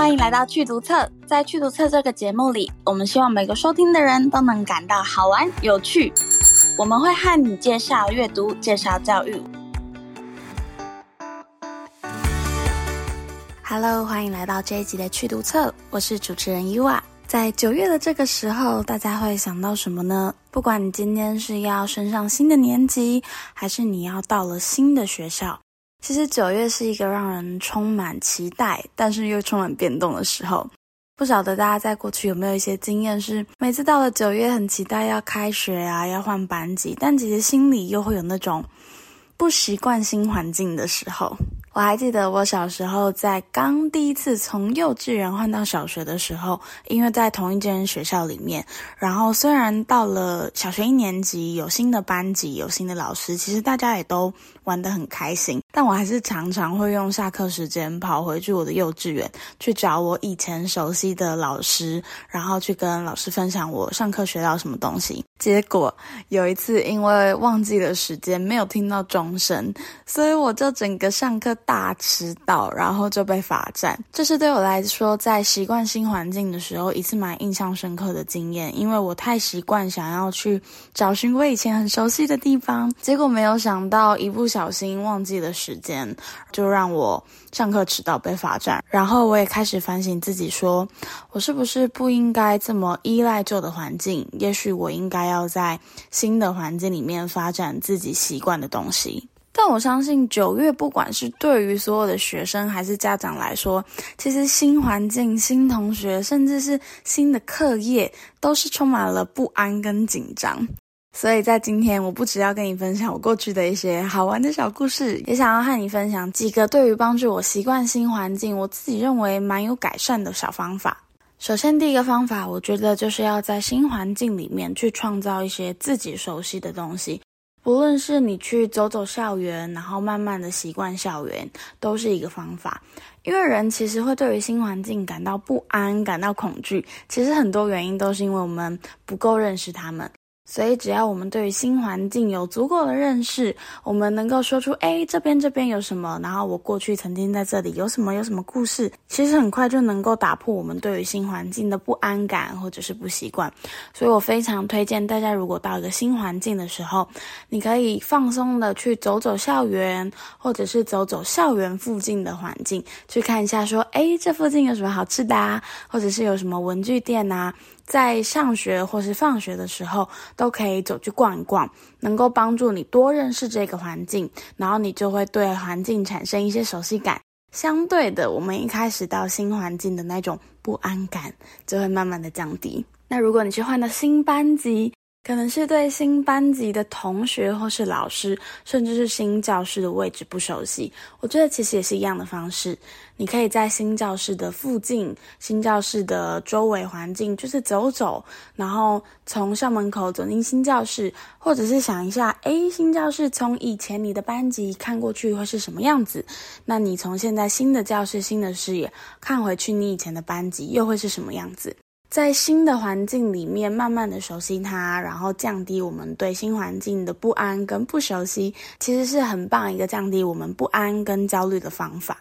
歡迎來到趣讀冊，在趣讀冊這個節目裡，我們希望每個收聽的人都能感到好玩有趣。我們會和你介紹閱讀，介紹教育。Hello，歡迎來到這一集的趣讀冊，我是主持人 Yuwa，在九月的這個時候，大家會想到什麼呢？不管你今天是要升上新的年級，還是你要到了新的學校。其實九月是一個讓人充滿期待，但是又充滿變動的時候。不曉得大家在過去有沒有一些經驗，是每次到了九月，很期待要開學啊，要換班級，但其實心裡又會有那種不習慣新環境的時候。我還記得我小時候在剛第一次從幼稚園換到小學的時候，因為在同一間學校裡面，然後雖然到了小學一年級，有新的班級，有新的老師，其實大家也都玩得很開心。但我還是常常會用下課時間跑回去我的幼稚園，去找我以前熟悉的老師，然後去跟老師分享我上課學到什麼東西。結果有一次因為忘記了時間，沒有聽到鐘聲，所以我就整個上課大遲到，然後就被罰站。這是對我來說，在習慣新環境的時候一次蠻印象深刻的經驗，因為我太習慣想要去找尋我以前很熟悉的地方，結果沒有想到一不小心忘記了。時間就讓我上課遲到被罰站，然後我也開始反省自己說，說我是不是不應該這麼依賴舊的環境？也許我應該要在新的環境裡面發展自己習慣的東西。但我相信九月，不管是對於所有的學生還是家長來說，其實新環境、新同學，甚至是新的課業，都是充滿了不安跟緊張。所以在今天，我不只要跟你分享我過去的一些好玩的小故事，也想要和你分享幾個對於幫助我習慣新環境，我自己認為蠻有改善的小方法。首先，第一個方法，我覺得就是要在新環境裡面去創造一些自己熟悉的東西，不論是你去走走校園，然後慢慢的習慣校園，都是一個方法。因為人其實會對於新環境感到不安、感到恐懼，其實很多原因都是因為我們不夠認識他們。所以，只要我們對於新環境有足夠的認識，我們能夠說出“誒，這邊這邊有什麼？”然後我過去曾經在這裡有什麼有什麼故事，其實很快就能夠打破我們對於新環境的不安感或者是不習慣。所以我非常推薦大家，如果到一個新環境的時候，你可以放鬆的去走走校園，或者是走走校園附近的環境，去看一下，說“誒，這附近有什麼好吃的啊？或者是有什麼文具店啊？”在上學或是放學的時候，都可以走去逛一逛，能夠幫助你多認識這個環境，然後你就會對環境產生一些熟悉感。相對的，我們一開始到新環境的那種不安感，就會慢慢的降低。那如果你去換到新班級，可能是對新班級的同學，或是老師，甚至是新教室的位置不熟悉。我覺得其實也是一樣的方式，你可以在新教室的附近，新教室的周圍環境就是走走，然後從校門口走進新教室，或者是想一下，誒，新教室從以前你的班級看過去會是什麼樣子？那你從現在新的教室、新的視野看回去，你以前的班級又會是什麼樣子？在新的環境裡面，慢慢的熟悉它，然後降低我們對新環境的不安跟不熟悉，其實是很棒一個降低我們不安跟焦慮的方法。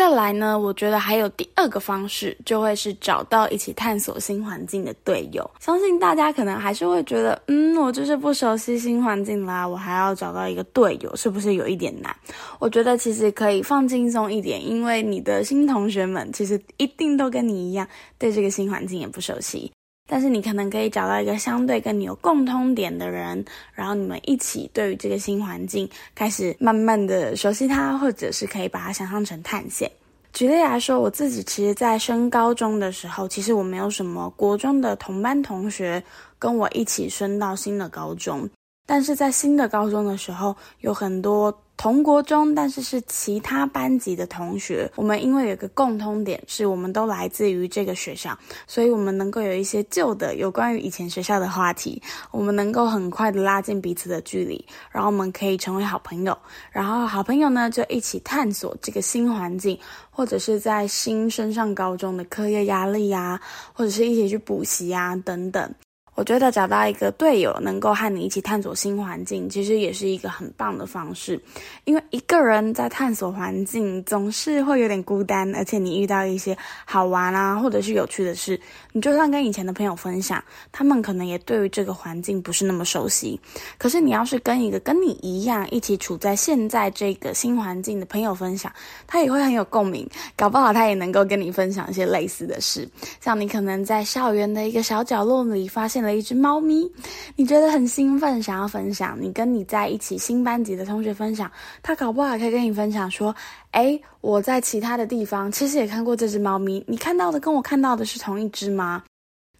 再來呢，我覺得還有第二個方式，就會是找到一起探索新環境的隊友。相信大家可能還是會覺得，嗯，我就是不熟悉新環境啦，我還要找到一個隊友，是不是有一點難？我覺得其實可以放輕鬆一點，因為你的新同學們其實一定都跟你一樣，對這個新環境也不熟悉。但是你可能可以找到一個相對跟你有共通點的人，然後你們一起對於這個新環境開始慢慢的熟悉它，或者是可以把它想象成探險。舉例來說，我自己其實，在升高中的時候，其實我沒有什麼國中的同班同學跟我一起升到新的高中。但是在新的高中的時候，有很多同國中，但是是其他班級的同學。我們因為有一個共通點，是我們都來自於這個學校，所以我們能夠有一些舊的有關於以前學校的話題。我們能夠很快的拉近彼此的距離，然後我們可以成為好朋友。然後好朋友呢，就一起探索這個新環境，或者是在新升上高中的課業壓力呀、啊，或者是一起去補習啊等等。我覺得找到一個隊友，能夠和你一起探索新環境，其實也是一個很棒的方式。因為一個人在探索環境，總是會有點孤單。而且你遇到一些好玩啊，或者是有趣的事，你就算跟以前的朋友分享，他們可能也對於這個環境不是那麼熟悉。可是你要是跟一個跟你一樣，一起處在現在這個新環境的朋友分享，他也會很有共鳴。搞不好他也能夠跟你分享一些類似的事，像你可能在校園的一個小角落裡發現了一隻貓咪，你覺得很興奮，想要分享。你跟你在一起新班級的同學分享，他搞不好可以跟你分享說：“哎，我在其他的地方其實也看過這隻貓咪，你看到的跟我看到的是同一隻嗎？”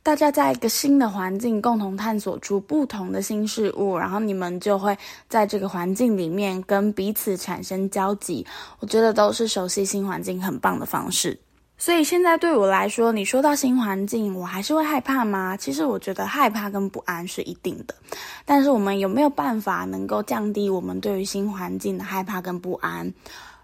大家在一個新的環境共同探索出不同的新事物，然後你們就會在這個環境裡面跟彼此產生交集。我覺得都是熟悉新環境很棒的方式。所以現在對我來說，你說到新環境，我還是會害怕嗎？其實我覺得害怕跟不安是一定的，但是我們有沒有辦法能夠降低我們對於新環境的害怕跟不安？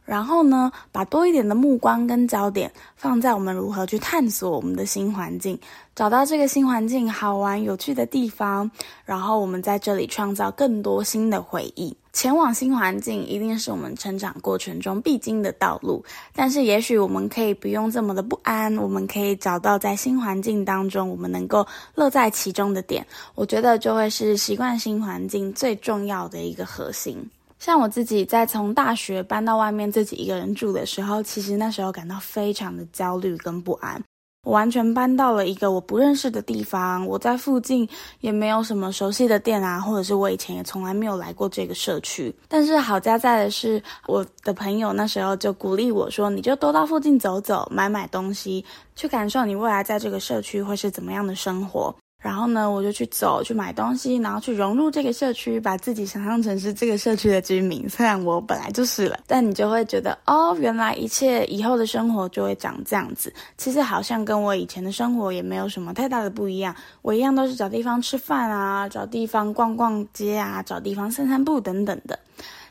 然後呢，把多一點的目光跟焦點放在我們如何去探索我們的新環境，找到這個新環境好玩有趣的地方，然後我們在這裡創造更多新的回憶。前往新環境一定是我們成長過程中必經的道路，但是也許我們可以不用這麼的不安，我們可以找到在新環境當中我們能夠樂在其中的點。我覺得就會是習慣新環境最重要的一個核心。像我自己在從大學搬到外面自己一個人住的時候，其實那時候感到非常的焦慮跟不安。我完全搬到了一個我不認識的地方，我在附近也沒有什麼熟悉的店啊，或者是我以前也從來沒有來過這個社區。但是好家在的是，我的朋友那時候就鼓勵我說：“你就多到附近走走，買買東西，去感受你未來在這個社區會是怎麼樣的生活。”然後呢，我就去走，去買東西，然後去融入這個社區，把自己想象成是這個社區的居民。雖然我本來就是了，但你就會覺得，哦，原來一切以後的生活就會長這樣子。其實好像跟我以前的生活也沒有什麼太大的不一樣，我一樣都是找地方吃飯啊，找地方逛逛街啊，找地方散散步等等的。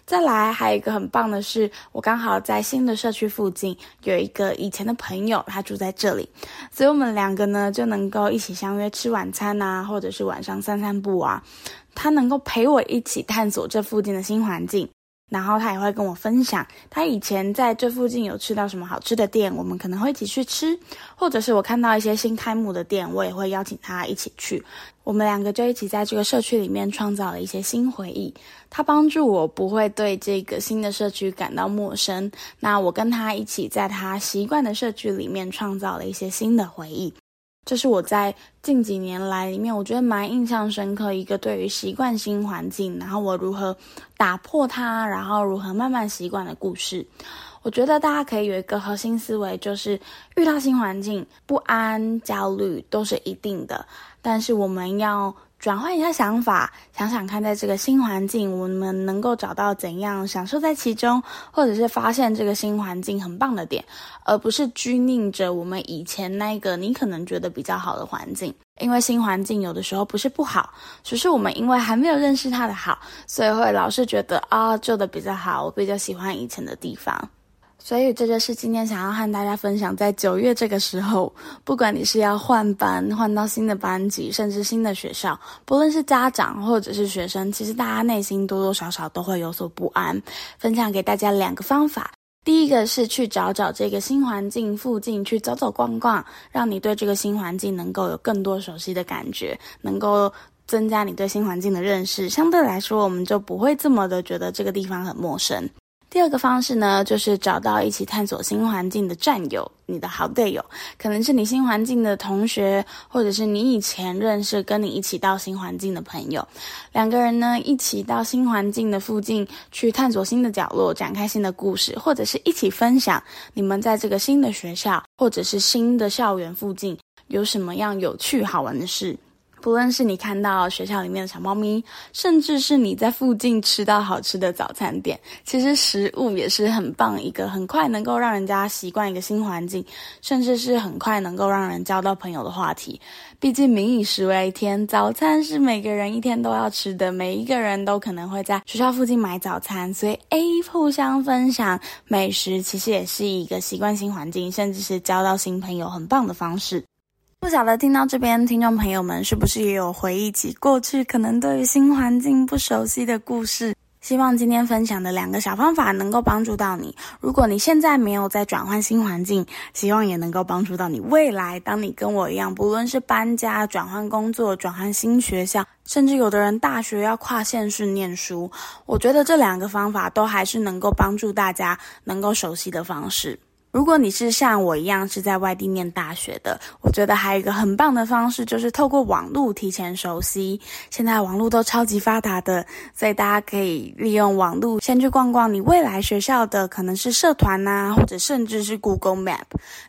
再來還有一個很棒的是，我剛好在新的社區附近有一個以前的朋友，他住在這裡，所以我們兩個呢就能夠一起相約吃晚餐啊，或者是晚上散散步啊，他能夠陪我一起探索這附近的新環境。然後他也會跟我分享，他以前在這附近有吃到什麼好吃的店，我們可能會一起去吃，或者是我看到一些新開幕的店，我也會邀請他一起去。我們兩個就一起在這個社區裡面創造了一些新回憶。他幫助我不會對這個新的社區感到陌生，那我跟他一起在他習慣的社區裡面創造了一些新的回憶。這是我在近幾年來裡面，我覺得蠻印象深刻一個對於習慣新環境，然後我如何打破它，然後如何慢慢習慣的故事。我覺得大家可以有一個核心思維，就是遇到新環境，不安、焦慮都是一定的，但是我們要，轉換一下想法，想想看，在這個新環境，我們能夠找到怎樣享受在其中，或者是發現這個新環境很棒的點，而不是拘泥着我們以前那個你可能覺得比較好的環境。因為新環境有的時候不是不好，只是我們因為還沒有認識它的好，所以會老是覺得啊，舊的比較好，我比較喜歡以前的地方。所以，這就是今天想要和大家分享，在九月這個時候，不管你是要換班、換到新的班級，甚至新的學校，不論是家長或者是學生，其實大家內心多多少少都會有所不安。分享給大家兩個方法：第一個是去找找這個新環境附近，去走走逛逛，讓你對這個新環境能夠有更多熟悉的感覺，能夠增加你對新環境的認識。相對來說，我們就不會這麼的覺得這個地方很陌生。第二個方式呢，就是找到一起探索新環境的戰友，你的好隊友，可能是你新環境的同學，或者是你以前認識跟你一起到新環境的朋友。兩個人呢，一起到新環境的附近，去探索新的角落，展開新的故事，或者是一起分享你們在這個新的學校，或者是新的校園附近有什麼樣有趣好玩的事。不論是你看到學校裡面的小貓咪，甚至是你在附近吃到好吃的早餐店，其實食物也是很棒一個很快能夠讓人家習慣一個新環境，甚至是很快能夠讓人交到朋友的話題。畢竟民以食為天，早餐是每個人一天都要吃的，每一個人都可能會在學校附近買早餐，所以 A 互相分享美食其實也是一個習慣新環境，甚至是交到新朋友很棒的方式。不曉得聽到這邊，聽眾朋友們是不是也有回憶起過去可能對於新環境不熟悉的故事？希望今天分享的兩個小方法能夠幫助到你。如果你現在沒有在轉換新環境，希望也能夠幫助到你未來。當你跟我一樣，不論是搬家、轉換工作、轉換新學校，甚至有的人大學要跨縣去念書，我覺得這兩個方法都還是能夠幫助大家能夠熟悉的方式。如果你是像我一樣是在外地念大學的，我覺得還有一個很棒的方式，就是透過網路提前熟悉。現在網路都超級發達的，所以大家可以利用網路先去逛逛你未來學校的，可能是社團吶、啊，或者甚至是 Google Map。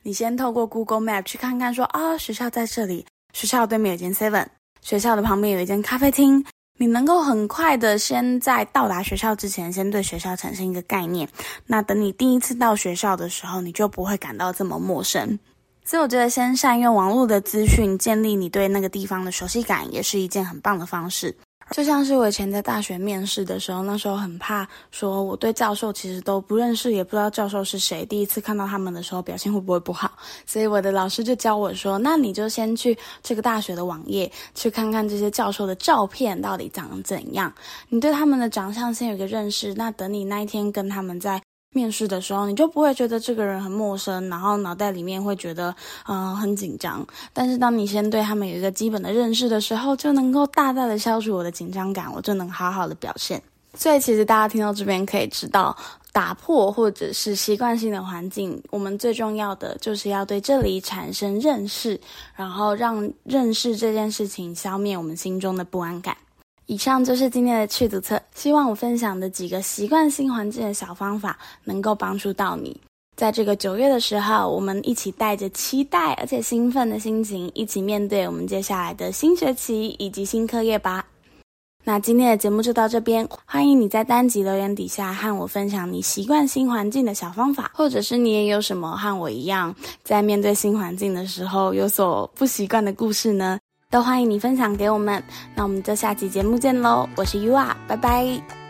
你先透過 Google Map 去看看說，說、哦、啊，學校在這裡，學校對面有一間 Seven，學校的旁邊有一間咖啡廳。你能夠很快的先在到達學校之前，先對學校產生一個概念。那等你第一次到學校的時候，你就不會感到這麼陌生。所以我覺得，先善用網絡的資訊，建立你對那個地方的熟悉感，也是一件很棒的方式。就像是我以前在大學面試的時候，那時候很怕說我對教授其實都不認識，也不知道教授是誰。第一次看到他們的時候，表現會不會不好？所以我的老師就教我說，那你就先去這個大學的網頁去看看這些教授的照片到底長得怎樣，你對他們的長相先有個認識。那等你那一天跟他們在。面試的時候，你就不會覺得這個人很陌生，然後腦袋裡面會覺得，嗯、呃，很緊張。但是當你先對他們有一個基本的認識的時候，就能夠大大的消除我的緊張感，我就能好好的表現。所以其實大家聽到這邊可以知道，打破或者是習慣性的環境，我們最重要的就是要對這裡產生認識，然後讓認識這件事情消滅我們心中的不安感。以上就是今天的趣讀冊，希望我分享的幾個習慣新環境的小方法能夠幫助到你。在這個九月的時候，我們一起帶着期待而且興奮的心情，一起面對我們接下來的新學期以及新課業吧。那今天的節目就到這邊，歡迎你在單集留言底下和我分享你習慣新環境的小方法，或者是你也有什麼和我一樣在面對新環境的時候有所不習慣的故事呢？都歡迎你分享給我們，那我們就下期節目見嘍！我是 Yua，拜拜。